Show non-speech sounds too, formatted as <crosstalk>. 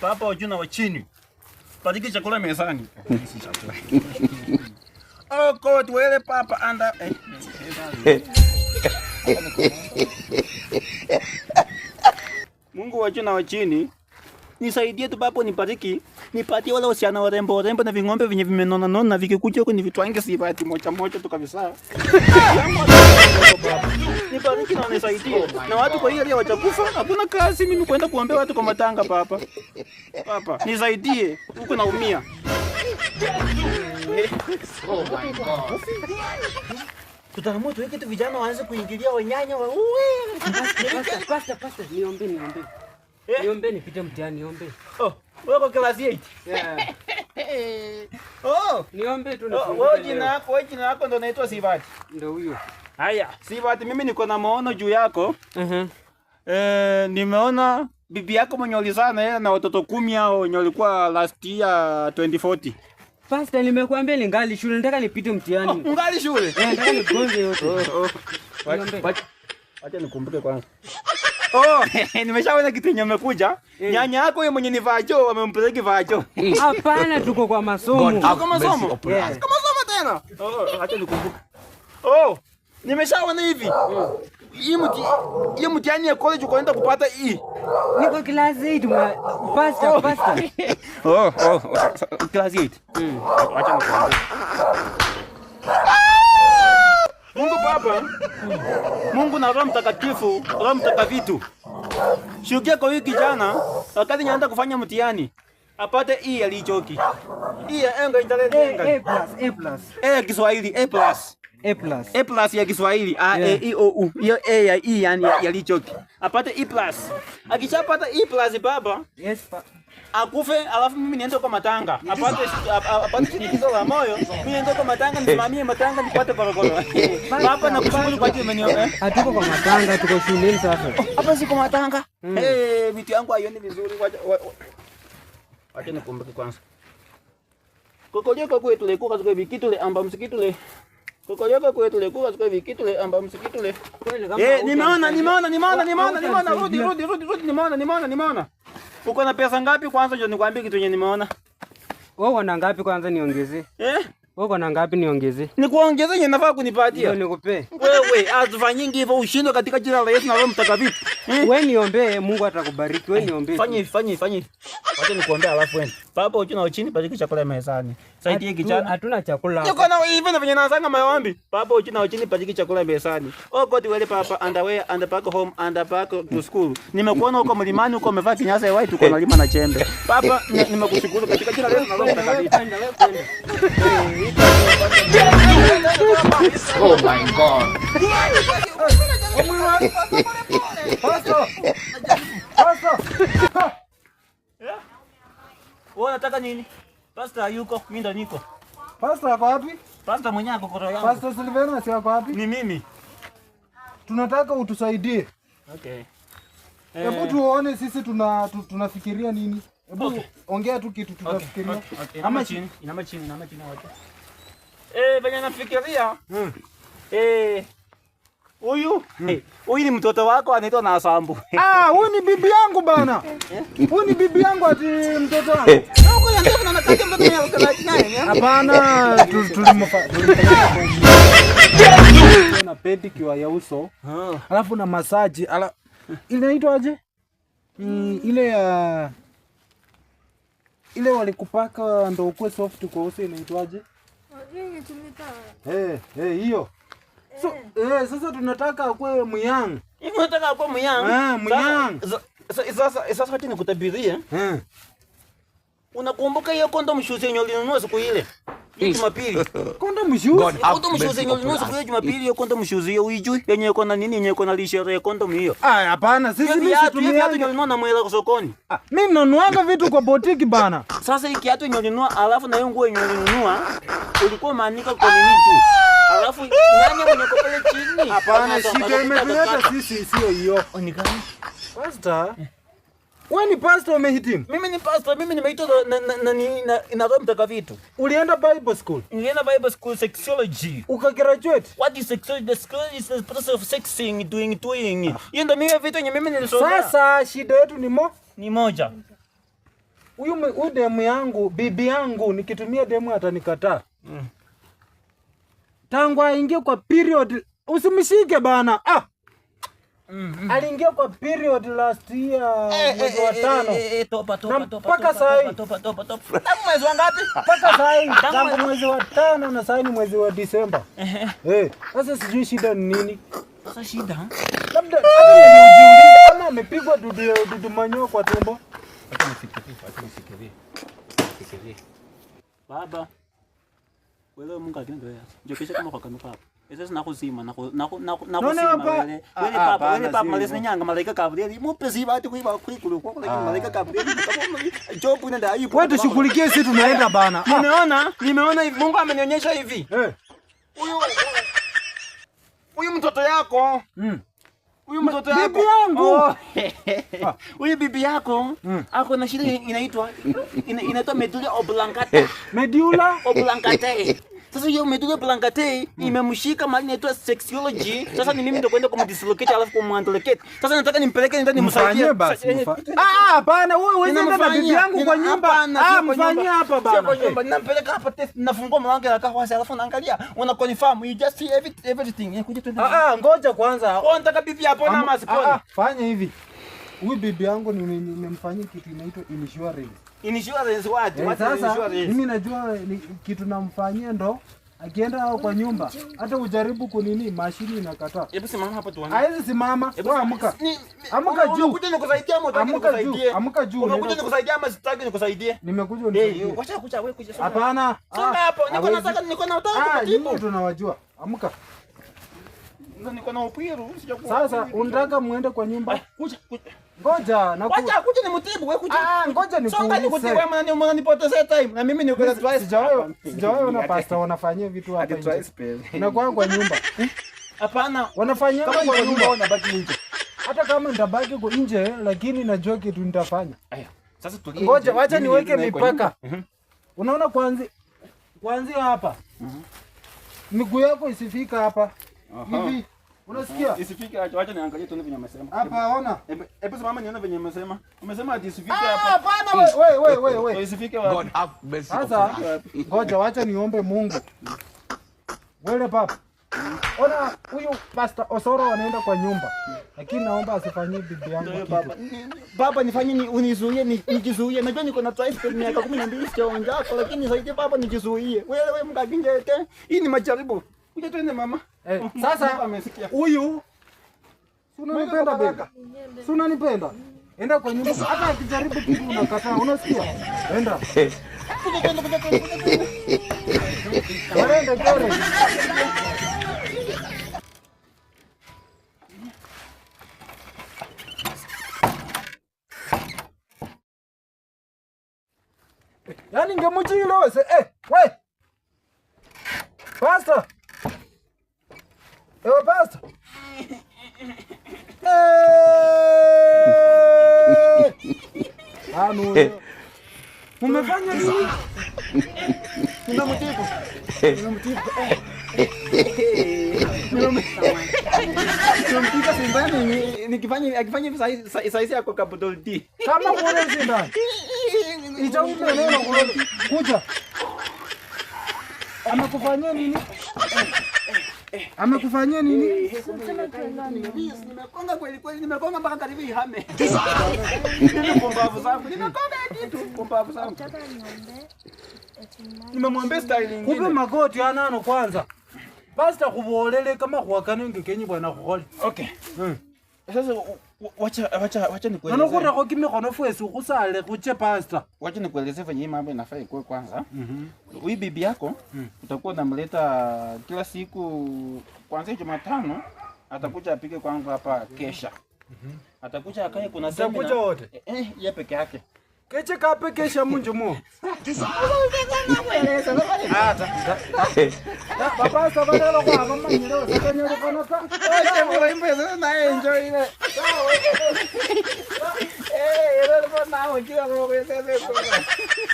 Papa wa juu na wa chini. Bariki chakula mezani. <laughs> Oh God, wele papa anda eh. <laughs> Mungu wa juu na wa chini nisaidie tu papo, nipatiki nipatie wala wasichana warembo warembo na ving'ombe venye vimenona nona na vikikuja huko nivitwange sivati moja moja tukavisa. nipatiki na nisaidie na watu kwa hiyo wachakufa, hakuna kazi mimi kwenda kuombea watu kwa matanga papa. Papa, nisaidie huko naumia. Oh my God. Tutaamua tuweke tu vijana waanze kuingilia wanyanya wa. Pasta, pasta, niombe niombe. Niombe nipite mtihani niombe. Oh, wewe kwa class 8? Yeah. Oh. oh, niombe tu oh, nifunge. Wewe jina yako, wewe jina yako ndo naitwa Sibati. Ndio huyo. Haya, Sibati mimi niko na maono juu yako. Mhm. Eh, nimeona bibi yako mwenye ulizana yeye na watoto kumi hao wenye walikuwa last year 2040. Pasta, nimekuambia ni ngali shule, nataka nipite mtihani. Oh, ngali shule. Eh, Nataka nigonge yote. Oh, oh. Wacha nikumbuke kwanza. <laughs> Oh, nimeshaona kitu yenye umekuja. Eh. Nyanya yako yeye mwenye ni vacho, amempeleka vacho. <laughs> Hapana, tuko kwa masomo. Kwa masomo. Kwa masomo tena. Oh, acha nikumbuke. Oh, nimeshaona hivi. Hii mti, hii yaani ya college nenda kupata hii. Niko class 8 ma pasta pasta. Oh, oh, class 8. Hmm. Acha nikumbuke. Mungu Baba, Mungu na Roho Mtakatifu, Roho Mtakatifu. Shukia kwa wiki jana, wakati nyanda kufanya mtihani, apate hii e alichoki. Hii e ya enga enga. A plus, A plus. E A Kiswahili, A plus. A plus. A plus ya Kiswahili, A E I O U. Hiyo A ya I yani ya alichoki. Apate A plus. Akishapata A plus baba. Yes, baba akufe, alafu mimi niende kwa matanga apate apate shinikizo la moyo, mimi niende kwa matanga nisimamie matanga nipate korokoro <laughs> hapa na kushukuru kwa ajili hiyo eh Hatuko ah, kwa matanga, tuko shuleni sasa. Hapa si kwa matanga. Eh, miti yangu haioni vizuri. Acha nikumbuke kwanza. Kokojoka kwetu le kuka zikwe vikitu le amba msikitu le Kokojoka kwetu le kuka zikwe vikitu le amba msikitu le. Eh, nimeona nimeona nimeona nimeona nimeona rudi rudi rudi rudi nimeona nimeona nimeona. Uko na pesa ngapi kwanza, Njoo nikwambie kitu yenye nimeona. Wewe una ngapi kwanza niongezee? Eh? Wewe na ngapi niongezee? Nikuongezee yenye nafaa kunipatia. Ndio nikupe. Wewe azufa nyingi hivyo ushindwe katika jina la Yesu na Roho Mtakatifu. <laughs> Wewe niombe Mungu atakubariki. Wewe niombe. Fanya hivi, fanya hivi, fanya hivi. Wacha nikuombe alafu wewe. Baba uchini na uchini bariki chakula mezani. Saidi hiki kijana. Hatuna chakula. Niko na hivi na venye nasanga maombi. Baba uchini na uchini bariki chakula mezani. Oh God wewe papa and away and back home and back to school. Nimekuona huko mlimani huko umevaa kinyasa white uko na lima na chembe. Papa nimekushukuru katika jina la Yesu na Roho Mtakatifu. <laughs> Oh my God. Wewe unataka nini? Pasta yuko, mimi ndo niko. Pasta ako wapi? Pasta mwenyewe ako koro yangu. Pasta Silvana si ako wapi? Ni mimi. Tunataka utusaidie. Okay. Hebu eh. tuone sisi tuna tunafikiria nini? Hebu ongea tu kitu tutafikiria. Ama chini, inama chini, inama chini wote eh, venye nafikiria hmm. eh, huyu mm. huyu eh, ni mtoto wako anaitwa na Nasambu. Ah, huyu ni bibi yangu bana. Eh? Huyu ni bibi yangu ati mtoto wangu. Eh. Hapana, na pedicure ya uso ah. alafu na masaji ala... inaitwaje? Mm, ile ya uh... ile walikupaka ndo ukue soft kwa uso inaitwaje? Eh, eh hiyo. So, eh, eh sasa tunataka akuwe muyang. Hivi unataka akuwe muyang? Eh, muyang. Sasa sasa hata nikutabiria. Eh? eh. Unakumbuka hiyo kondomu shoes yenye ulinunua siku ile? Jumapili. <laughs> Konda mshuzi. Auto mshuzi yenyewe nusu kwa Jumapili konda mshuzi hiyo uijui. Yenyewe kona nini yenyewe kona lishere konda hiyo. Ah, hapana sisi ni viatu hivi viatu nyolinua na mwela sokoni. Ah, mimi nanuanga vitu kwa botiki bana. <laughs> Sasa hiki kiatu nyolinua alafu na hiyo nguo nyolinunua ulikuwa maanika kwa nini tu? Alafu nani mwenye kopele chini? Hapana, shida imetuleta sisi sio hiyo. Oh, ni Pastor. Wewe ni pastor umehitimu? Mimi ni pastor, mimi nimeitwa na na, na, na, na Roho Mtakatifu. Ulienda Bible school? Nilienda Bible school sexology. Uka graduate? What is sexology? The school is the process of sexing, doing, doing. Ah. Hiyo ndio mimi vitu yenye mimi nilisoma. Sasa shida yetu ni mo? Ni moja. Huyu huyu demu yangu, bibi yangu nikitumia demu atanikataa. Mm. Tangu aingie kwa period usimshike bana. Ah. Mm -hmm. Aliingia kwa period last year mwezi wa tano. Na mpaka sai, Tangu mwezi wa tano na ni mwezi wa Disemba. Eh, sasa sijui shida ni nini? shida? Labda amepigwa dudu dudu kwa tumbo. Baba. Wewe Mungu akinidoa. Njoo kesho kama kwa kamera hapo Esas nakhuzima nakhu nakhu nakhuzima ah, ah, wele papa wele papa malesa nyanga malaika Gabriel mupesi bati kuiba kuikulu kwa kula malaika Gabriel ah. job ina ndio ipo wewe tushughulikie sisi tunaenda bana umeona nimeona hivi Mungu amenionyesha hivi eh. huyu huyu mtoto yako hmm. huyu mtoto yako bibi yangu oh. <laughs> huyu bibi yako hmm. ako na shida inaitwa inaitwa medulla oblongata eh. medulla oblongata <laughs> Sasa hiyo metodo plankate hmm. imemshika mali inaitwa sexology. <laughs> Sasa ni mimi ndo kwenda kumdislocate alafu kumwandelekate. Sasa nataka nimpeleke ndio nimsaidie. Ah, ah, hapana wewe wewe nenda na bibi yangu kwa nyumba. Ah, mfanyie hapa bana. ninampeleka hapa test nafungua mlango na kahawa alafu naangalia. Una confirm you just see everything. Yaani ah, ah, ngoja kwanza. Wewe unataka bibi hapo na masiponi. Ah, ah, fanya hivi. Huyu bibi yangu nimemfanyia kitu inaitwa insurance. Insurance what? Eh, what sasa mimi najua eh, kitu namfanyia ndo akienda kwa nyumba hata ujaribu kunini mashini inakataa. Hebu simama hapo tuone. Haizi simama. Wewe amka. Amka juu. Unakuja nikusaidia ama nikusaidie? Amka juu. Unakuja nikusaidia ama sitaki nikusaidie? Nimekuja eh, unisaidie. Eh, wacha kuja wewe kuja. Hapana. Songa ah, hapo. Niko nataka niko na utaka ah, kutibu. Ah, tunawajua. Amka. Niko na upiru. Sasa unataka muende kwa nyumba. Kuja kuja. Ngoja na ku... Wacha kuja ni mtibu wewe kuja. Ah, ah ngoja ni kuulize. Songa ni kutia wewe mnani mnanipotezea time na mimi niko na twice. Sijawayo. Sijawayo na pasta, wanafanyia vitu hapa nje. Na kwa kwa nyumba. <laughs> Eh? Hapana, wanafanyia kwa nyumba wanabaki nje. Hata kama nitabaki kwa nje lakini najua kitu nitafanya. Aya. Sasa tulie. Ngoja wacha niweke mipaka. Mhm. Unaona kwanzi, kwanzi hapa. Mhm. Miguu yako isifika hapa. Hivi Unasikia? Isifike acha acha niangalie tu venye amesema. Hapa ona. Hebu simama nione venye amesema. Amesema ati isifike ah, hapa. Ah, hapana wewe wewe wewe wewe. Isifike wapi? God have mercy. Sasa ngoja acha niombe Mungu. Wewe baba. Ona huyu Pastor Osoro anaenda kwa nyumba. Lakini naomba asifanyie bibi yangu kitu. Baba, baba nifanye ni unizuie nijizuie. Najua niko na twice miaka 12 sijaonja, lakini nisaidie baba nijizuie. Wewe wewe mkakinjete. Hii ni majaribu. Kuja twende mama. Eh, sasa huyu si unanipenda bega? Si unanipenda? Enda kwa nyumba. <laughs> Hata akijaribu kitu unakataa. Unasikia? Enda. Yaani ngemuchilo eh, we. Pastor. Ewe pasta. <laughs> Anu. Eh. Umefanya nini? Ninamtibu. Ninamtibu. Ninamtibu sindani nikifanya akifanya hivi saa hizi yako capital D. Kama kuna kuja. Amekufanyia nini? Amekufanyia nini? Nimekonga kweli kweli, nimekonga mpaka karibu ihame. Pumbavu zangu, nimekonga kitu, pumbavu zangu. Nimemwambia style nyingine. Kupe magoti anano kwanza. Basta kubolele kama kwa kanenge kenyi bwana kukhole. Okay. Hmm. Sasa nanokurego ke megonofo eso go sale go pasta wacha nikueleze venye hii mambo inafaa ikuwe kwanza mm -hmm. bibi yako mm. utakuwa unamleta kila siku kwanza Jumatano atakuja apige kwangu hapa kesha mm -hmm. atakuja akae kuna semina eh, eh ye peke yake Kece kape kesha munju mu. Papa sabana lo kwa não nyiro sekenyo lo kono sa. Oye mo imbe so na enjoy ile. Eh, ero lo na não kira lo ko se se.